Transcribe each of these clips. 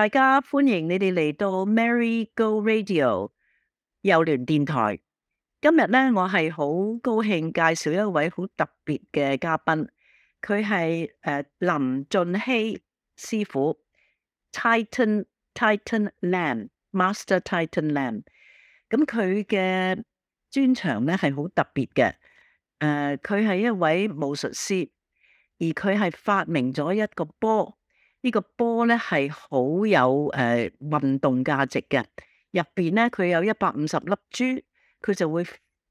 大家歡迎你哋嚟到 Mary Go Radio 幼聯電台。今日咧，我係好高興介紹一位好特別嘅嘉賓，佢係誒林俊熙師傅 Titan Titan Lam Master Titan Lam。咁佢嘅專長咧係好特別嘅。誒、呃，佢係一位武術師，而佢係發明咗一個波。呢個波咧係好有誒、呃、運動價值嘅，入邊咧佢有一百五十粒珠，佢就會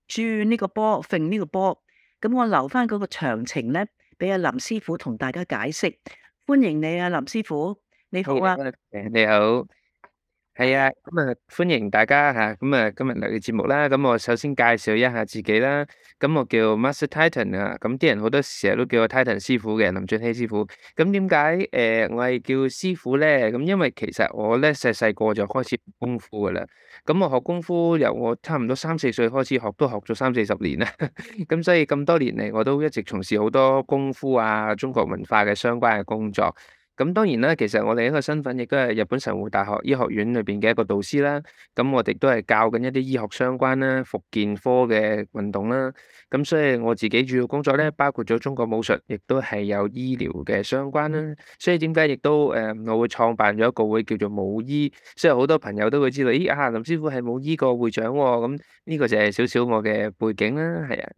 轉呢個波揈呢個波。咁我留返嗰個詳情咧，俾阿林師傅同大家解釋。歡迎你、啊，阿林師傅，你好、啊。誒，你好。係啊，咁啊歡迎大家吓，咁啊今日嚟嘅節目啦，咁我首先介紹一下自己啦。咁我叫 Master Titan 啊，咁啲人好多時都叫我 Titan 師傅嘅，林俊熙師傅。咁點解誒我係叫師傅咧？咁因為其實我咧細細個就開始功夫噶啦。咁我學功夫由我差唔多三四歲開始學，都學咗三四十年啦。咁 所以咁多年嚟，我都一直從事好多功夫啊、中國文化嘅相關嘅工作。咁當然啦，其實我另一個身份亦都係日本神戶大學醫學院裏邊嘅一個導師啦。咁我哋都係教緊一啲醫學相關啦、復健科嘅運動啦。咁所以我自己主要工作咧，包括咗中國武術，亦都係有醫療嘅相關啦。所以點解亦都誒，我會創辦咗一個會叫做武醫。所以好多朋友都會知道，咦啊，林師傅係武醫個會長喎。咁呢個就係少少我嘅背景啦，係啊。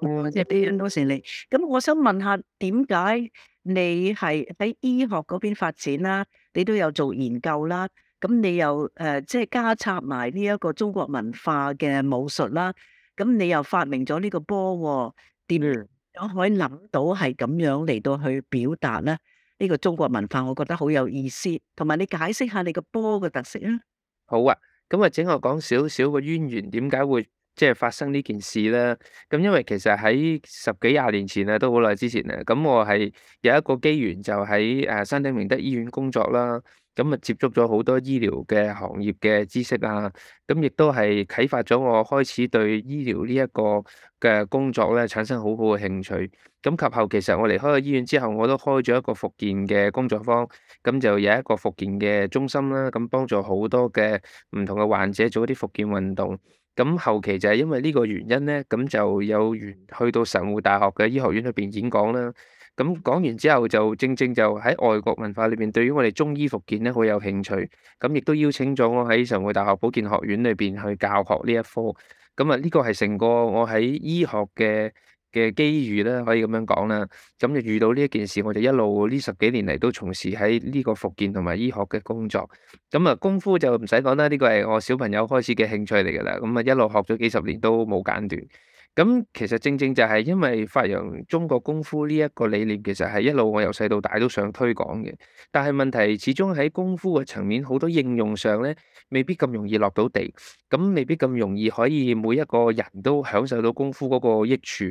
哦，多謝多謝你。咁我想問下點解？你係喺醫學嗰邊發展啦，你都有做研究啦，咁你又誒、呃、即係加插埋呢一個中國文化嘅武術啦，咁你又發明咗呢個波喎，點樣可以諗到係咁樣嚟到去表達咧呢個中國文化，我覺得好有意思，同埋你解釋下你個波嘅特色啊。好啊，咁啊整我講少少個淵源，點解會？即係發生呢件事啦。咁因為其實喺十幾廿年前咧，都好耐之前咧，咁我係有一個機緣，就喺誒山頂明德醫院工作啦，咁啊接觸咗好多醫療嘅行業嘅知識啊，咁亦都係啟發咗我開始對醫療呢一個嘅工作咧產生好好嘅興趣。咁及後其實我離開咗醫院之後，我都開咗一個復健嘅工作坊，咁就有一個復健嘅中心啦，咁幫助好多嘅唔同嘅患者做一啲復健運動。咁後期就係因為呢個原因咧，咁就有緣去到神戶大學嘅醫學院裏邊演講啦。咁講完之後，就正正就喺外國文化裏邊，對於我哋中醫復健咧好有興趣。咁亦都邀請咗我喺神戶大學保健學院裏邊去教學呢一科。咁啊，呢個係成個我喺醫學嘅嘅機遇啦，可以咁樣講啦。咁、嗯、就遇到呢一件事，我就一路呢十幾年嚟都從事喺呢個復健同埋醫學嘅工作。咁、嗯、啊功夫就唔使講啦，呢、這個係我小朋友開始嘅興趣嚟㗎啦。咁、嗯、啊一路學咗幾十年都冇間斷。咁、嗯、其實正正就係因為發揚中國功夫呢一個理念，其實係一路我由細到大都想推廣嘅。但係問題始終喺功夫嘅層面，好多應用上咧未必咁容易落到地，咁、嗯、未必咁容易可以每一個人都享受到功夫嗰個益處。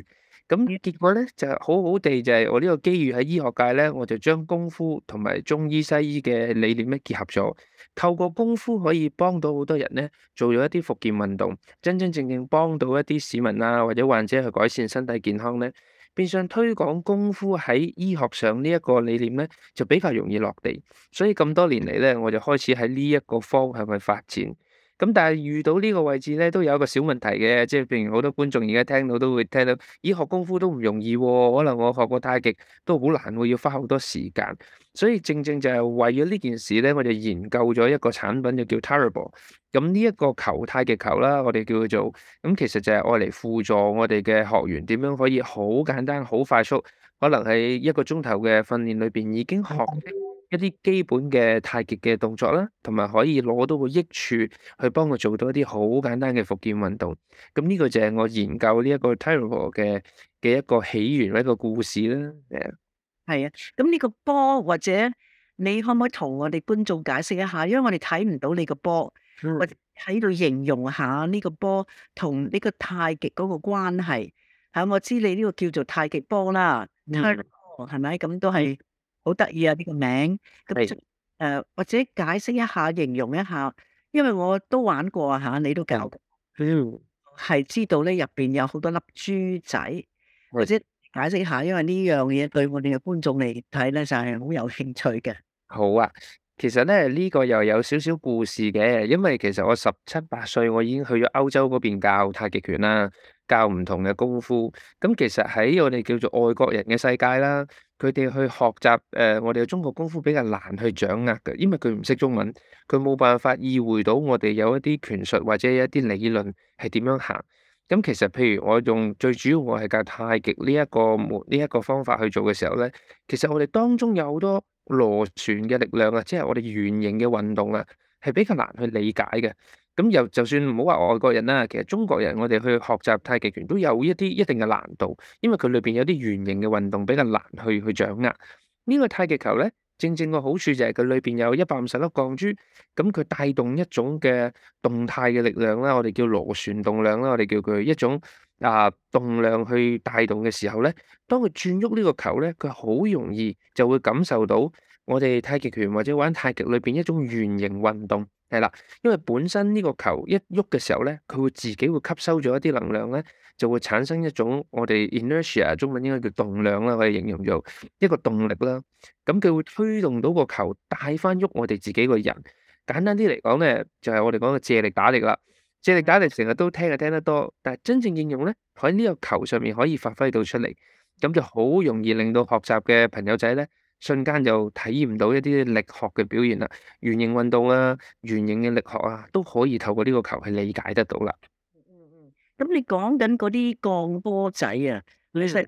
咁結果咧就好好地就係我呢個機遇喺醫學界咧，我就將功夫同埋中醫西醫嘅理念咧結合咗，透過功夫可以幫到好多人咧，做咗一啲復健運動，真真正正幫到一啲市民啊或者患者去改善身體健康咧，變相推廣功夫喺醫學上呢一個理念咧就比較容易落地，所以咁多年嚟咧我就開始喺呢一個方向去發展。咁但係遇到呢個位置咧，都有一個小問題嘅，即係譬如好多觀眾而家聽到都會聽到，咦學功夫都唔容易喎、啊，可能我學過太極都好難喎、啊，要花好多時間。所以正正就係為咗呢件事咧，我哋研究咗一個產品，就叫 Tira Ball。咁呢一個球太極球啦，我哋叫做，咁、嗯、其實就係愛嚟輔助我哋嘅學員點樣可以好簡單、好快速，可能喺一個鐘頭嘅訓練裏邊已經學，嗯一啲基本嘅太極嘅動作啦，同埋可以攞到個益處，去幫佢做到一啲好簡單嘅復健運動。咁呢個就係我研究呢一個 Tira Ball 嘅嘅一個起源，一個故事啦。係啊，咁呢個波或者你可唔可以同我哋觀眾解釋一下？因為我哋睇唔到你波、嗯、個波，或者喺度形容下呢個波同呢個太極嗰個關係。我知你呢個叫做太極波啦，Tira Ball 係咪？咁都係。好得意啊！呢、這個名咁，誒是、呃，或者解釋一下、形容一下，因為我都玩過嚇、啊，你都教，嗯，係知道咧入邊有好多粒珠仔，或者解釋下，因為呢樣嘢對我哋嘅觀眾嚟睇咧就係好有興趣嘅。好啊，其實咧呢、這個又有少少故事嘅，因為其實我十七八歲，我已經去咗歐洲嗰邊教太極拳啦。教唔同嘅功夫，咁其實喺我哋叫做外國人嘅世界啦，佢哋去學習誒、呃，我哋嘅中國功夫比較難去掌握嘅，因為佢唔識中文，佢冇辦法意會到我哋有一啲拳術或者一啲理論係點樣行。咁其實譬如我用最主要我係教太極呢一個門呢一個方法去做嘅時候咧，其實我哋當中有好多螺旋嘅力量啊，即係我哋圓形嘅運動啊，係比較難去理解嘅。咁又就算唔好話外國人啦，其實中國人我哋去學習太極拳都有一啲一定嘅難度，因為佢裏面有啲圓形嘅運動比較難去去掌握。呢個太極球呢，正正個好處就係佢裏面有一百五十粒鋼珠，咁佢帶動一種嘅動態嘅力量啦，我哋叫螺旋動量啦，我哋叫佢一種啊、呃、動量去帶動嘅時候呢，當佢轉喐呢個球呢，佢好容易就會感受到我哋太極拳或者玩太極裏面一種圓形運動。係啦，因為本身呢個球一喐嘅時候呢，佢會自己會吸收咗一啲能量呢，就會產生一種我哋 inertia，中文應該叫動量啦，我哋形容做一個動力啦。咁佢會推動到個球帶翻喐我哋自己個人。簡單啲嚟講呢，就係我哋講嘅借力打力啦。借力打力成日都聽啊，聽得多，但係真正應用呢，喺呢個球上面可以發揮到出嚟，咁就好容易令到學習嘅朋友仔呢。瞬間就體驗到一啲力學嘅表現啦，圓形運動啊，圓形嘅力學啊，都可以透過呢個球去理解得到啦。嗯嗯，咁你講緊嗰啲鋼波仔啊，你十粒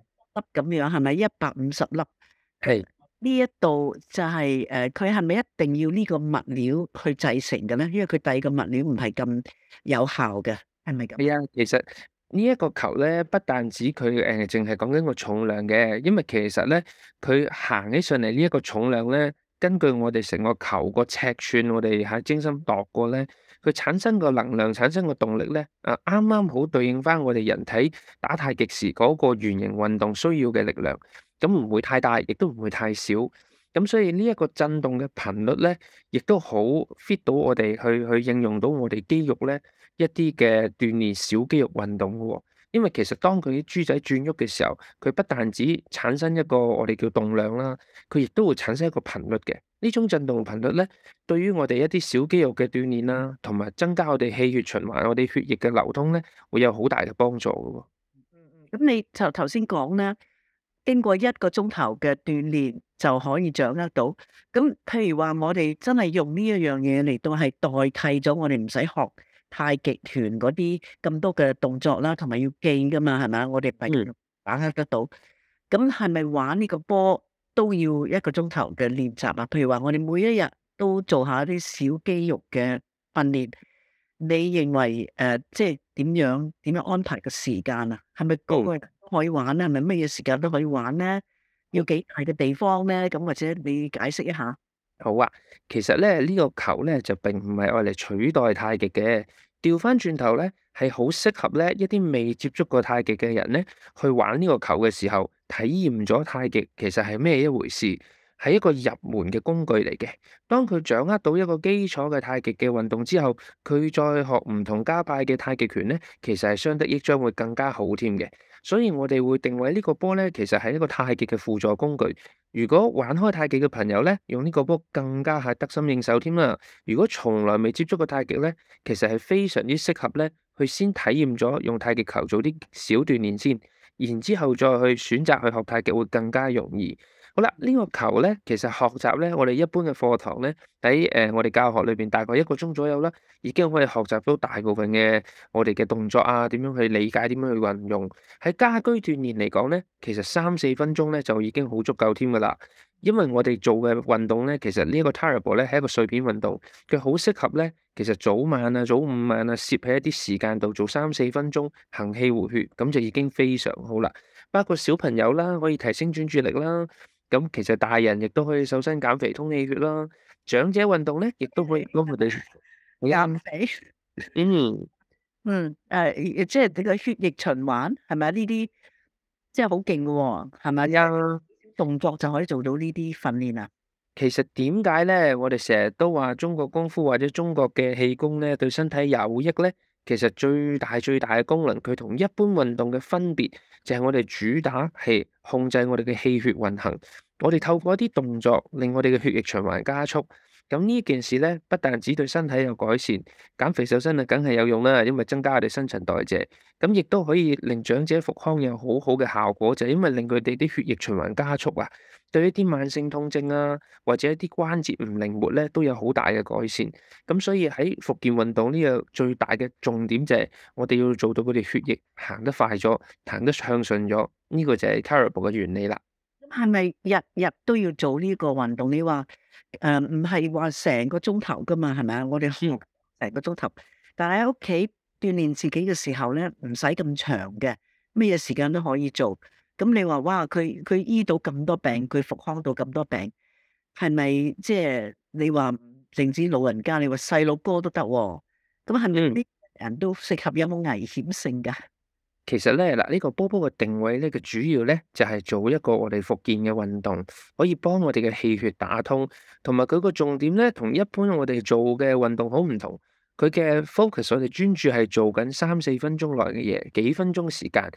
咁樣係咪一百五十粒？係呢一度就係誒，佢係咪一定要呢個物料去製成嘅咧？因為佢第二個物料唔係咁有效嘅，係咪咁樣？係啊，其實。呢一個球咧，不單止佢誒，淨係講緊個重量嘅，因為其實咧，佢行起上嚟呢一個重量咧，根據我哋成個球個尺寸，我哋喺精心度過咧，佢產生個能量，產生個動力咧，啊啱啱好對應翻我哋人體打太極時嗰個圓形運動需要嘅力量，咁唔會太大，亦都唔會太少，咁所以呢一個震動嘅頻率咧，亦都好 fit 到我哋去去應用到我哋肌肉咧。一啲嘅鍛煉小肌肉運動嘅、哦，因為其實當佢啲豬仔轉喐嘅時候，佢不但止產生一個我哋叫動量啦，佢亦都會產生一個頻率嘅。呢種震動頻率咧，對於我哋一啲小肌肉嘅鍛煉啦、啊，同埋增加我哋氣血循環、我哋血液嘅流通咧，會有好大嘅幫助嘅、哦。咁你就頭先講啦，經過一個鐘頭嘅鍛煉就可以掌握到。咁譬如話我哋真係用呢一樣嘢嚟到係代替咗我哋唔使學。太極拳嗰啲咁多嘅動作啦，同埋要記噶嘛，係咪？我哋把握得到。咁係咪玩呢個波都要一個鐘頭嘅練習啊？譬如話我哋每一日都做下啲小肌肉嘅訓練，你認為誒、呃，即係點樣點樣安排個時間啊？係咪高可以玩咧？係咪乜嘢時間都可以玩咧？要幾大嘅地方咧？咁或者你解釋一下。好啊，其實咧，呢個球咧，就並唔係愛嚟取代太極嘅，調翻轉頭咧，係好適合咧一啲未接觸過太極嘅人咧去玩呢個球嘅時候，體驗咗太極其實係咩一回事，係一個入門嘅工具嚟嘅。當佢掌握到一個基礎嘅太極嘅運動之後，佢再學唔同家派嘅太極拳咧，其實係相得益彰，會更加好添嘅。所以我哋會定位呢個波呢，其實係一個太極嘅輔助工具。如果玩開太極嘅朋友呢，用呢個波更加係得心應手添啦。如果從來未接觸過太極呢，其實係非常之適合呢，去先體驗咗用太極球做啲小鍛煉先，然之後再去選擇去學太極會更加容易。好啦，呢、這個球咧，其實學習咧，我哋一般嘅課堂咧，喺誒、呃、我哋教學裏邊大概一個鐘左右啦，已經可以學習到大部分嘅我哋嘅動作啊，點樣去理解，點樣去運用。喺家居鍛煉嚟講咧，其實三四分鐘咧就已經好足夠添噶啦。因為我哋做嘅運動咧，其實個呢個 Tira Ball 咧係一個碎片運動，佢好適合咧，其實早晚啊、早午晚啊，攝喺一啲時間度做三四分鐘行氣活血，咁就已經非常好啦。包括小朋友啦，可以提升專注力啦。咁其實大人亦都可以瘦身減肥通氣血啦，長者運動咧亦都可以幫佢哋減肥。 嗯誒、 嗯哎，即係你個血液循環係咪呢啲即係好勁嘅，係咪？有、嗯、動作就可以做到呢啲訓練啊！其實點解咧？我哋成日都話中國功夫或者中國嘅氣功咧，對身體有益咧。其實最大最大嘅功能，佢同一般運動嘅分別就係我哋主打氣，控制我哋嘅氣血運行。我哋透過一啲動作令我哋嘅血液循環加速。咁呢件事咧，不但只對身體有改善，減肥瘦身啊，梗係有用啦。因為增加我哋新陳代謝，咁亦都可以令長者復康有好好嘅效果，就係因為令佢哋啲血液循環加速啊。對於一啲慢性痛症啊，或者一啲關節唔靈活咧，都有好大嘅改善。咁所以喺復健運動呢個最大嘅重點就係，我哋要做到佢哋血液行得快咗，行得暢順咗。呢個就係 Tira Ball 嘅原理啦。咁係咪日日都要做呢個運動？你話誒唔係話成個鐘頭噶嘛？係咪啊？我哋成個鐘頭，但喺屋企鍛煉自己嘅時候咧，唔使咁長嘅，咩嘢時間都可以做。咁你話哇，佢佢醫到咁多病，佢復康到咁多病，係咪即係你話唔止老人家，你話細路哥都得喎？啊？咁係咪啲人都適合，有冇危險性噶？嗯、其實咧嗱，呢、這個波波嘅定位咧，佢主要咧就係、是、做一個我哋復健嘅運動，可以幫我哋嘅氣血打通，同埋佢個重點咧，同一般我哋做嘅運動好唔同，佢嘅 focus 我哋專注係做緊三四分鐘內嘅嘢，幾分鐘時間。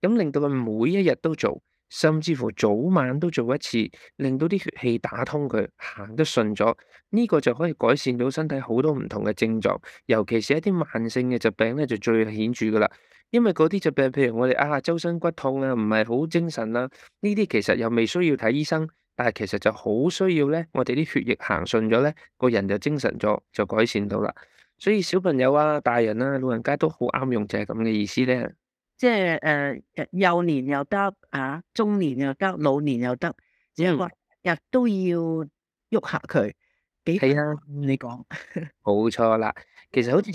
咁令到佢每一日都做，甚至乎早晚都做一次，令到啲血氣打通佢行得順咗，呢個就可以改善到身體好多唔同嘅症狀，尤其是一啲慢性嘅疾病咧就最顯著噶啦。因為嗰啲疾病，譬如我哋啊周身骨痛啊，唔係好精神啦，啊，呢啲其實又未需要睇醫生，但係其實就好需要咧，我哋啲血液行順咗咧，個人就精神咗，就改善到啦。所以小朋友啊，大人啦，啊，老人家都好啱用，就係咁嘅意思咧。即係誒、呃，幼年又得啊，中年又得，老年又得，只係日都要喐下佢。係啊，你講冇錯啦。其實好似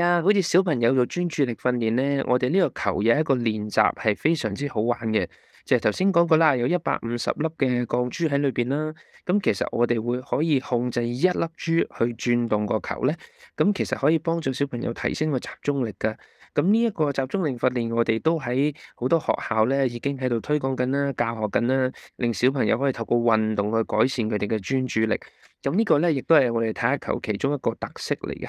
啊，好似 小朋友做專注力訓練咧，我哋呢個球有一個練習，係非常之好玩嘅。就係頭先講過啦，有一百五十粒嘅鋼珠喺裏邊啦。咁其實我哋會可以控制一粒珠去轉動個球咧。咁其實可以幫助小朋友提升個集中力噶。咁呢一個集中力訓練，我哋都喺好多學校咧，已經喺度推廣緊啦、教學緊啦，令小朋友可以透過運動去改善佢哋嘅專注力。咁、這個、呢個咧，亦都係我哋睇下球其中一個特色嚟嘅。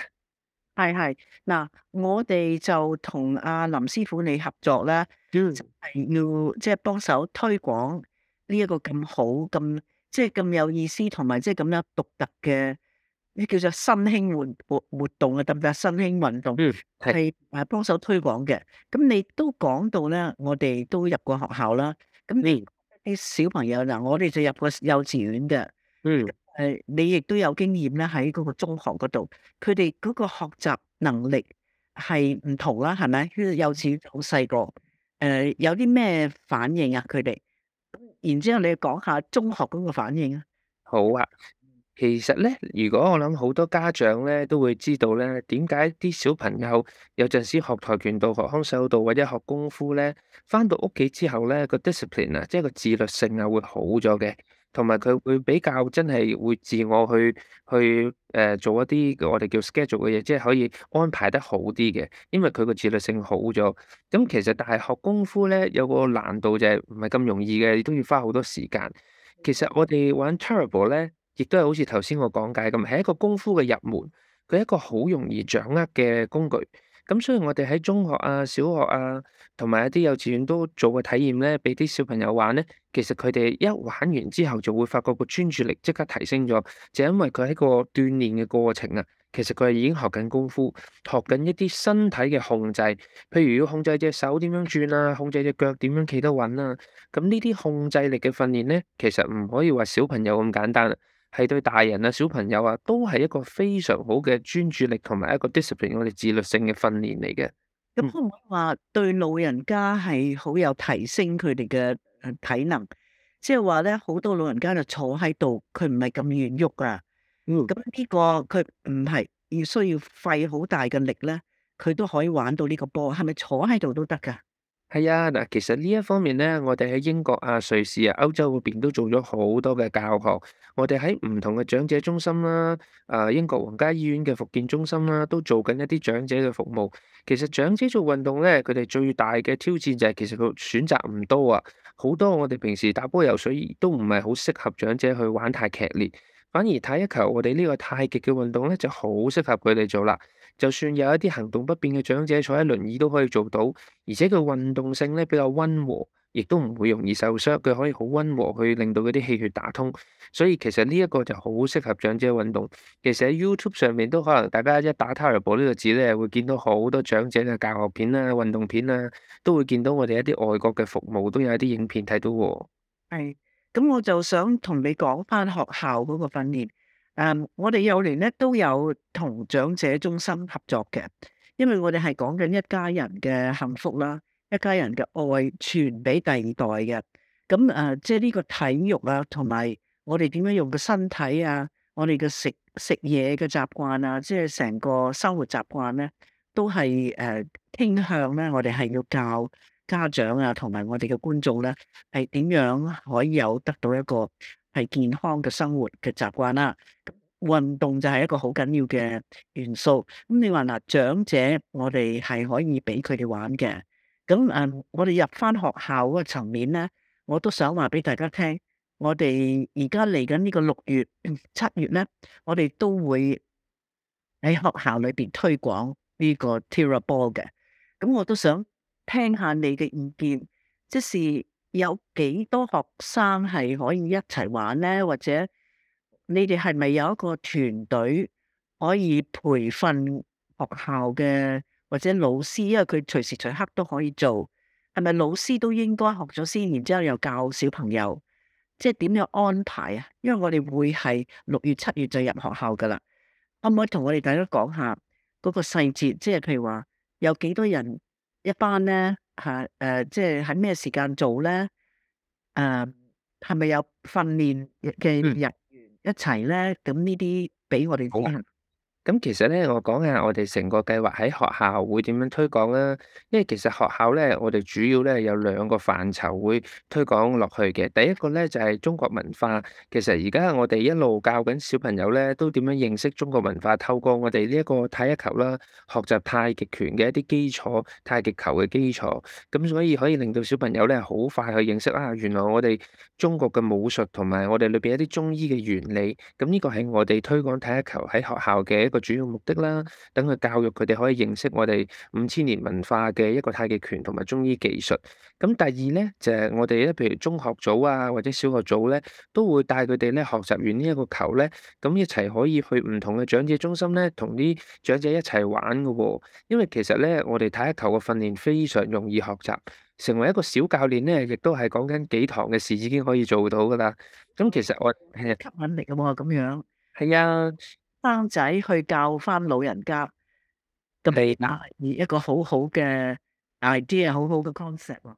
係係，嗱，我哋就同阿林師傅你合作啦，要即係幫手推廣呢一個咁好、咁即係咁有意思同埋即係咁樣獨特嘅。叫做新興活活活動啊，特別係新興運動，係誒幫手推廣嘅。咁你都講到咧，我哋都入過學校啦。咁你啲小朋友嗱，我哋就入過幼稚園嘅。嗯，誒、呃，你亦都有經驗咧，喺嗰個中學嗰度，佢哋嗰個學習能力係唔同啦，係咪？幼稚園好細個，誒、呃，有啲咩反應啊？佢哋，然之後你講下中學嗰個反應啊？好啊。其實咧，如果我諗好多家長咧都會知道咧，點解啲小朋友有陣時學跆拳道、學空手道或者學功夫咧，翻到屋企之後咧、個 discipline 啊，即係個自律性啊，會好咗嘅，同埋佢會比較真係會自我去去誒、呃、做一啲我哋叫 schedule 嘅嘢，即係可以安排得好啲嘅，因為佢個自律性好咗。咁其實但係學功夫咧有個難度就係唔係咁容易嘅，亦都要花好多時間。其實我哋玩 Tira Ball 咧。亦都係好似頭先我講解咁，係一個功夫嘅入門，佢係一個好容易掌握嘅工具。咁所以我哋喺中學啊、小學啊，同埋一啲幼稚園都做嘅體驗咧，俾啲小朋友玩咧，其實佢哋一玩完之後就會發覺個專注力即刻提升咗，就係因為佢係一個鍛鍊嘅過程啊，其實佢係已經學緊功夫，學緊一啲身體嘅控制，譬如要控制隻手點樣轉啊，控制隻腳點樣企得穩啊。咁呢啲控制力嘅訓練咧，其實唔可以話小朋友咁簡單啊。係對大人啊、小朋友啊，都係一個非常好嘅專注力同埋一個 discipline，我哋自律性嘅訓練嚟嘅。咁可唔可以話對老人家係好有提升佢哋嘅誒體能？即係話咧，好多老人家就坐喺度，佢唔係咁願喐噶。嗯，咁呢個佢唔係要需要費好大嘅力咧，佢都可以玩到呢個波，係咪坐喺度都得噶？係啊，嗱，其實呢一方面咧，我哋喺英國啊、瑞士啊、歐洲嗰邊都做咗好多嘅教學。我哋喺唔同嘅長者中心啦，誒、啊，英國皇家醫院嘅復健中心啦，都做緊一啲長者嘅服務。其實長者做運動咧，佢哋最大嘅挑戰就係其實佢選擇唔多啊。好多我哋平時打波、游水都唔係好適合長者去玩，太劇烈。反而睇一球，我哋呢個太極嘅運動咧，就好適合佢哋做啦。就算有一啲行動不便嘅長者坐喺輪椅都可以做到，而且佢運動性咧比較溫和，亦都唔會容易受傷。佢可以好溫和去令到嗰啲氣血打通，所以其實呢一個就好適合長者運動。其實喺 YouTube 上面都可能大家一打 Tira Ball 呢個字咧，會見到好多長者嘅教學片啦、啊、運動片啦、啊，都會見到我哋一啲外國嘅服務都有一啲影片睇到喎。係。咁我就想同你講翻學校嗰個訓練。誒，um，我哋幼年咧都有同長者中心合作嘅，因為我哋係講緊一家人嘅幸福啦，一家人嘅愛傳俾第二代嘅。咁誒，呃，即係呢個體育啊，同埋我哋點樣用個身體啊，我哋嘅食食嘢嘅習慣啊，即係成個生活習慣咧，都係誒傾向咧，我哋係要教。家長啊，同埋我哋嘅觀眾咧，係點樣可以有得到一個係健康嘅生活嘅習慣啦？咁運動就係一個好緊要嘅元素。咁你話嗱，長者我哋係可以俾佢哋玩嘅。咁誒，我哋入翻學校嗰個層面咧，我都想話俾大家聽，我哋而家嚟緊呢個六月、七月咧，我哋都會喺學校裏邊推廣呢個 Tira Ball 嘅。咁我都想，聽下你嘅意見，即是有幾多學生係可以一齊玩呢？或者你哋係咪有一個團隊可以培訓學校嘅或者老師？因為佢隨時隨刻都可以做。係咪老師都應該學咗先，然之後又教小朋友，即係點樣安排啊？因為我哋會係六月、七月就入學校噶啦，可唔可以同我哋大家講下嗰個細節？即係譬如話有幾多人？一班咧吓，誒即係喺咩時間做咧？誒係咪有訓練嘅人員一齊咧？咁呢啲俾我哋聽。咁其實咧，我講下我哋成個計劃喺學校會點樣推廣啦。因為其實學校咧，我哋主要咧有兩個範疇會推廣落去嘅。第一個咧就係中國文化。其實而家我哋一路教緊小朋友咧，都點樣認識中國文化，透過我哋呢一個太極球啦，學習太極拳嘅一啲基礎，太極球嘅基礎。咁所以可以令到小朋友咧好快去認識啊。原來我哋中國嘅武術同埋我哋裏邊一啲中醫嘅原理。咁呢個係我哋推廣太極球喺學校嘅。一個主要目的啦，等佢教育佢哋可以認識我哋五千年文化嘅一個太極拳同埋中醫技術。咁第二咧就係、是、我哋咧，譬如中學組啊或者小學組咧，都會帶佢哋咧學習完呢一個球咧，咁一齊可以去唔同嘅長者中心咧，同啲長者一齊玩噶、哦。因為其實咧，我哋太極球嘅訓練非常容易學習，成為一個小教練咧，亦都係講緊幾堂嘅事已經可以做到噶啦。咁其實我係吸引力啊嘛，咁樣係啊。生仔去教翻老人家，咁係啊，而一個好好嘅 idea，好好嘅 concept。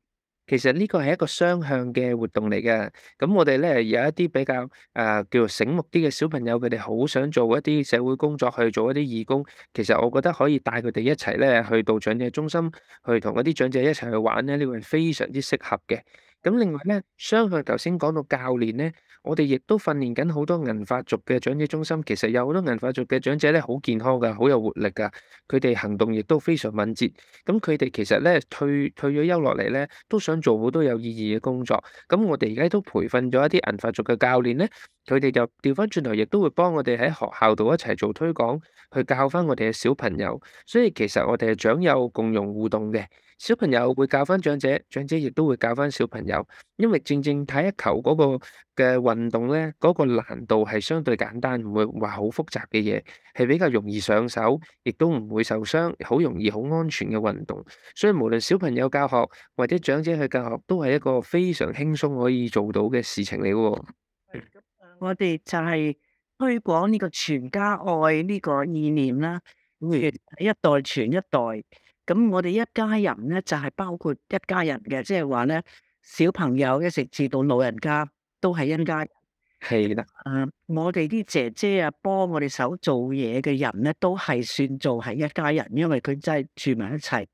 其實呢個係一個雙向嘅活動嚟嘅。咁我哋咧有一啲比較誒、呃、叫做醒目啲嘅小朋友，佢哋好想做一啲社會工作，去做一啲義工。其實我覺得可以帶佢哋一齊咧去到長者中心，去同嗰啲長者一齊去玩咧。呢個係非常之適合嘅。咁另外咧，雙向頭先講到教練咧。我哋亦都訓練緊好多銀髮族嘅長者中心，其實有好多銀髮族嘅長者咧，好健康㗎，好有活力㗎，佢哋行動亦都非常敏捷。咁佢哋其實咧退退咗休落嚟咧，都想做好多有意義嘅工作。咁我哋而家都培訓咗一啲銀髮族嘅教練咧，佢哋就掉返轉頭，亦都會幫我哋喺學校度一齊做推廣，去教返我哋嘅小朋友。所以其實我哋係長幼共融互動嘅，小朋友會教返長者，長者亦都會教返小朋友。因為正正睇一球嗰個。嘅運動咧，嗰個難度係相對簡單，唔會話好複雜嘅嘢，係比較容易上手，亦都唔會受傷，好容易好安全嘅運動。所以無論小朋友教學或者長者去教學，都係一個非常輕鬆可以做到嘅事情嚟嘅。我哋就係推廣呢個全家愛呢個意念啦，一代傳一代。咁我哋一家人咧就係包括一家人嘅，即係話咧小朋友一直至到老人家。都係一家人，係啦。啊的，uh, 我哋啲姐姐啊，幫我哋手做嘢嘅人咧，都係算做係一家人，因為佢真係住埋一齊。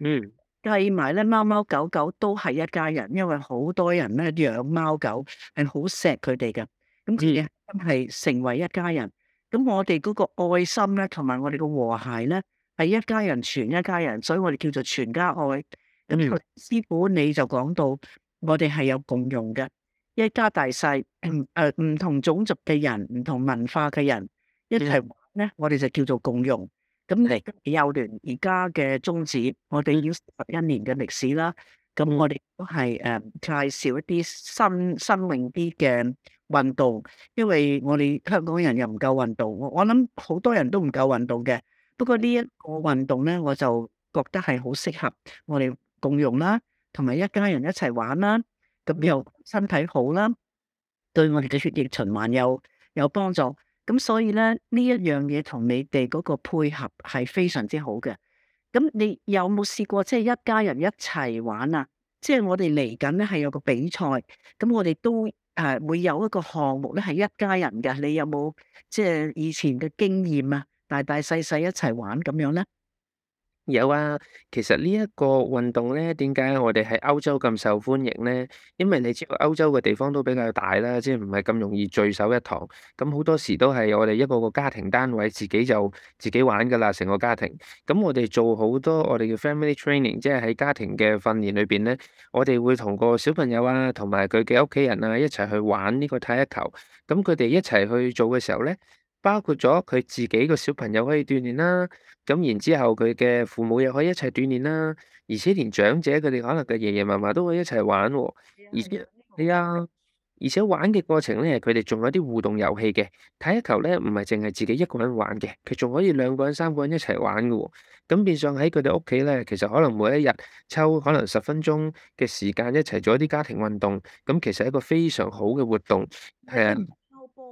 嗯，計埋咧貓貓狗狗，狗都係一家人，因為好多人咧養貓狗係好錫佢哋嘅，咁真係成為一家人。咁我哋嗰個愛心咧，同埋我哋嘅和諧咧，係一家人全一家人，所以我哋叫做全家愛。咁師傅你就講到，我哋係有共用嘅。一家大細，唔、誒唔同種族嘅人，唔同文化嘅人一齊玩咧，我哋就叫做共融。咁嚟，幼聯而家嘅宗旨，我哋已經十一年嘅歷史啦。咁我哋都係誒介紹一啲新新穎啲嘅運動，因為我哋香港人又唔夠運動，我我諗好多人都唔夠運動嘅。不過呢一個運動咧，我就覺得係好適合我哋共融啦，同埋一家人一齊玩啦。咁又身體好啦，對我哋嘅血液循環有有幫助。咁所以咧，呢一樣嘢同你哋嗰個配合係非常之好嘅。咁你有冇試過即係一家人一齊玩啊？即係我哋嚟緊咧係有個比賽，咁我哋都誒、呃、會有一個項目咧係一家人嘅。你有冇即係以前嘅經驗啊？大大細細一齊玩咁樣咧？有啊，其實呢一個運動咧，點解我哋喺歐洲咁受歡迎咧？因為你知道歐洲嘅地方都比較大啦，即係唔係咁容易聚首一堂。咁好多時都係我哋一個個家庭單位自己就自己玩噶啦，成個家庭。咁我哋做好多我哋嘅 family training，即係喺家庭嘅訓練裏邊咧，我哋會同個小朋友啊，同埋佢嘅屋企人啊一齊去玩呢個 Tira Ball。咁佢哋一齊去做嘅時候咧。包括咗佢自己個小朋友可以鍛煉啦，咁然之後佢嘅父母又可以一齊鍛煉啦，而且連長者佢哋可能嘅爺爺嫲嫲都會一齊玩，而係 啊，而且玩嘅過程咧，佢哋仲有啲互動遊戲嘅，睇一球咧唔係淨係自己一個人玩嘅，佢仲可以兩個人、三個人一齊玩嘅，咁變相喺佢哋屋企咧，其實可能每一日抽可能十分鐘嘅時間一齊做一啲家庭運動，咁其實係一個非常好嘅活動，係啊。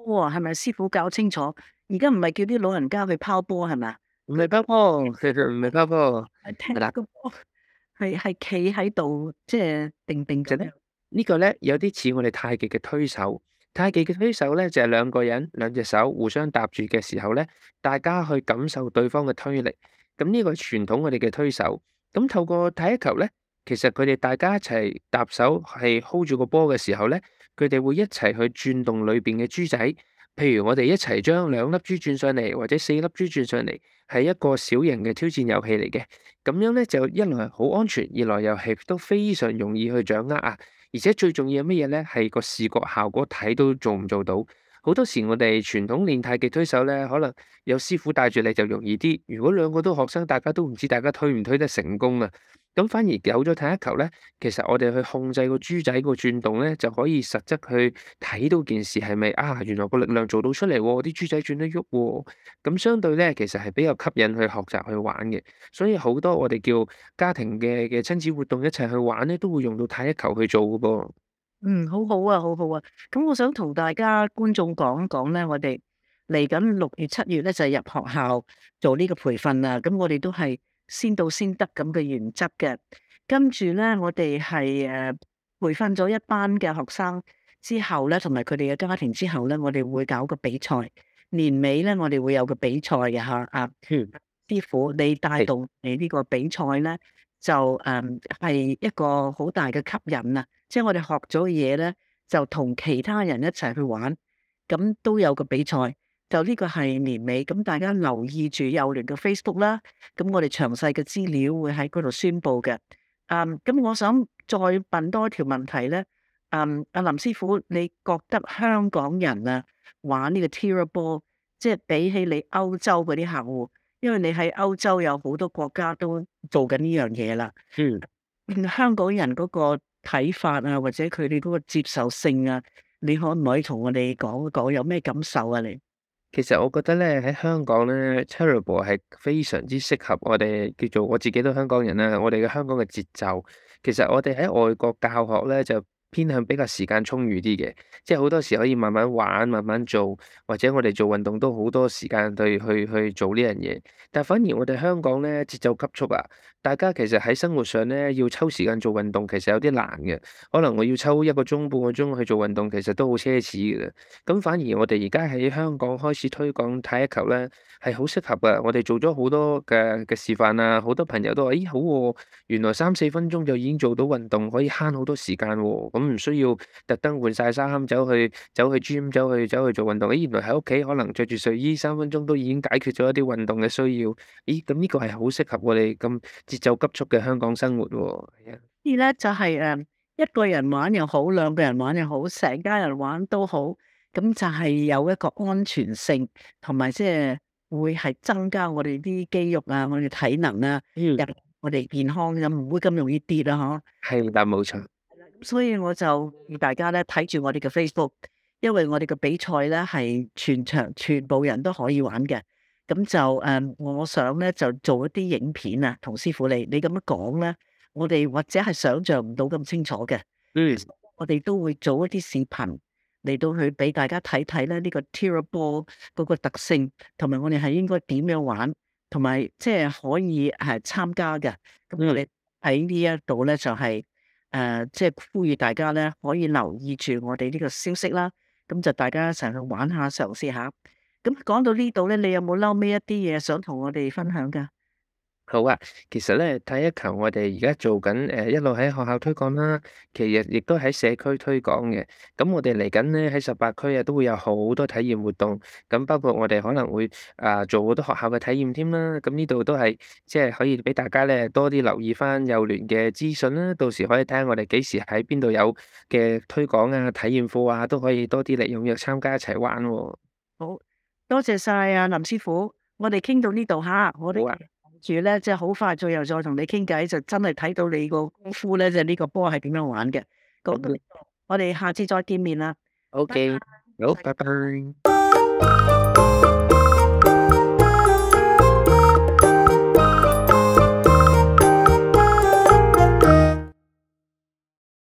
哇，係咪、哦、師傅搞清楚？而家唔係叫啲老人家去拋波，係咪？唔係拋波，其實唔係拋波。係係企喺度，即係定定。呢、這個咧，有啲似我哋太極嘅推手。太極嘅推手咧，就係、是、兩個人兩隻手互相搭住嘅時候咧，大家去感受對方嘅推力。咁呢個傳統我哋嘅推手，咁透過 Tira Ball 咧，其實佢哋大家一齊搭手係 hold 住個波嘅時候咧。佢哋會一齊去轉動裏邊嘅珠仔，譬如我哋一齊將兩粒珠轉上嚟，或者四粒珠轉上嚟，係一個小型嘅挑戰遊戲嚟嘅。咁樣咧就一來好安全，二來遊戲都非常容易去掌握啊！而且最重要係乜嘢咧？係個視覺效果睇到做唔做到。好多時我哋傳統練太極推手呢，可能有師傅帶住你就容易啲。如果兩個都學生，大家都唔知大家推唔推得成功啊。咁反而有咗太極球呢，其實我哋去控制個珠仔個轉動呢，就可以實質去睇到件事係咪啊？原來個力量做到出嚟喎，啲珠仔轉得喐喎。咁相對呢，其實係比較吸引去學習去玩嘅。所以好多我哋叫家庭嘅嘅親子活動一齊去玩呢，都會用到太極球去做嘅噃。嗯，好好啊，好好啊。咁我想同大家觀眾講講咧，我哋嚟緊六月七月咧就係入學校做呢個培訓啦。咁我哋都係先到先得咁嘅原則嘅。跟住咧，我哋係誒培訓咗一班嘅學生之後咧，同埋佢哋嘅家庭之後咧，我哋會搞個比賽。年尾咧，我哋會有個比賽嘅吓啊，師傅，你帶動你呢個比賽咧。就誒係、嗯、一個好大嘅吸引啊！即係我哋學咗嘢咧，就同其他人一齊去玩，咁都有個比賽。就呢個係年尾，咁大家留意住幼聯嘅 Facebook 啦。咁我哋詳細嘅資料會喺嗰度宣佈嘅。嗯，咁我想再問多一條問題咧。嗯，阿林師傅，你覺得香港人啊玩呢個 Tira Ball，即係比起你歐洲嗰啲客戶？因為你喺歐洲有好多國家都做緊呢樣嘢啦，嗯，香港人嗰個睇法啊，或者佢哋嗰個接受性啊，你可唔可以同我哋講講有咩感受啊你？你其實我覺得咧，喺香港咧，Tira Ball 係非常之適合我哋，叫做我自己都香港人啦，我哋嘅香港嘅節奏，其實我哋喺外國教學咧就。偏向比較時間充裕啲嘅，即係好多時可以慢慢玩、慢慢做，或者我哋做運動都好多時間對去去做呢樣嘢。但反而我哋香港咧節奏急促啊，大家其實喺生活上咧要抽時間做運動其實有啲難嘅。可能我要抽一個鐘、半個鐘去做運動，其實都好奢侈嘅。咁反而我哋而家喺香港開始推廣 Tira 球咧，係好適合啊。我哋做咗好多嘅嘅示範啊，好多朋友都話：咦、欸，好喎、啊，原來三四分鐘就已經做到運動，可以慳好多時間喎、啊。嗯唔需要特登換晒衫走去走去 gym，走去走去做運動。咦、哎，原來喺屋企可能着住睡衣三分鐘都已經解決咗一啲運動嘅需要。咦、哎，咁呢個係好適合我哋咁節奏急速嘅香港生活、啊。Yeah. 而咧就係、是、誒一個人玩又好，兩個人玩又好，成家人玩都好。咁就係有一個安全性，同埋即係會係增加我哋啲肌肉啊，我哋體能啦、啊，嗯、入我哋健康咁，唔會咁容易跌咯、啊。嗬，係但冇錯。所以我就要大家咧睇住我哋嘅 Facebook，因為我哋嘅比賽咧係全場全部人都可以玩嘅。咁就誒、呃，我想咧就做一啲影片啊，同師傅你你咁樣講咧，我哋或者係想象唔到咁清楚嘅。嗯 Yes.、啊，我哋都會做一啲視頻嚟到去俾大家睇睇咧呢、這個 Tira Ball 嗰個特性，同埋我哋係應該點樣玩，同埋即係可以係參加嘅。咁我哋喺呢一度咧就係、是。誒、呃，即係呼籲大家咧，可以留意住我哋呢個消息啦。咁就大家常常一齊去玩下，嘗試下。咁講到呢度咧，你有冇嬲咩一啲嘢想同我哋分享㗎？好啊，其實咧 Tira Ball 我，我哋而家做緊誒，一路喺學校推廣啦，其實亦都喺社區推廣嘅。咁我哋嚟緊咧喺十八區啊，都會有好多體驗活動。咁包括我哋可能會啊、呃，做好多學校嘅體驗添啦。咁呢度都係即係可以俾大家咧多啲留意翻幼聯嘅資訊啦。到時可以睇下我哋幾時喺邊度有嘅推廣啊、體驗課啊，都可以多啲嚟踴躍參加一齊玩、啊。好，多謝晒啊，林師傅，我哋傾到呢度吓，我哋。住咧，即係好快，最後再同你傾偈，就真係睇到你個功夫咧，即係呢個波係點樣玩嘅。咁我哋下次再見面啦。OK，好拜拜。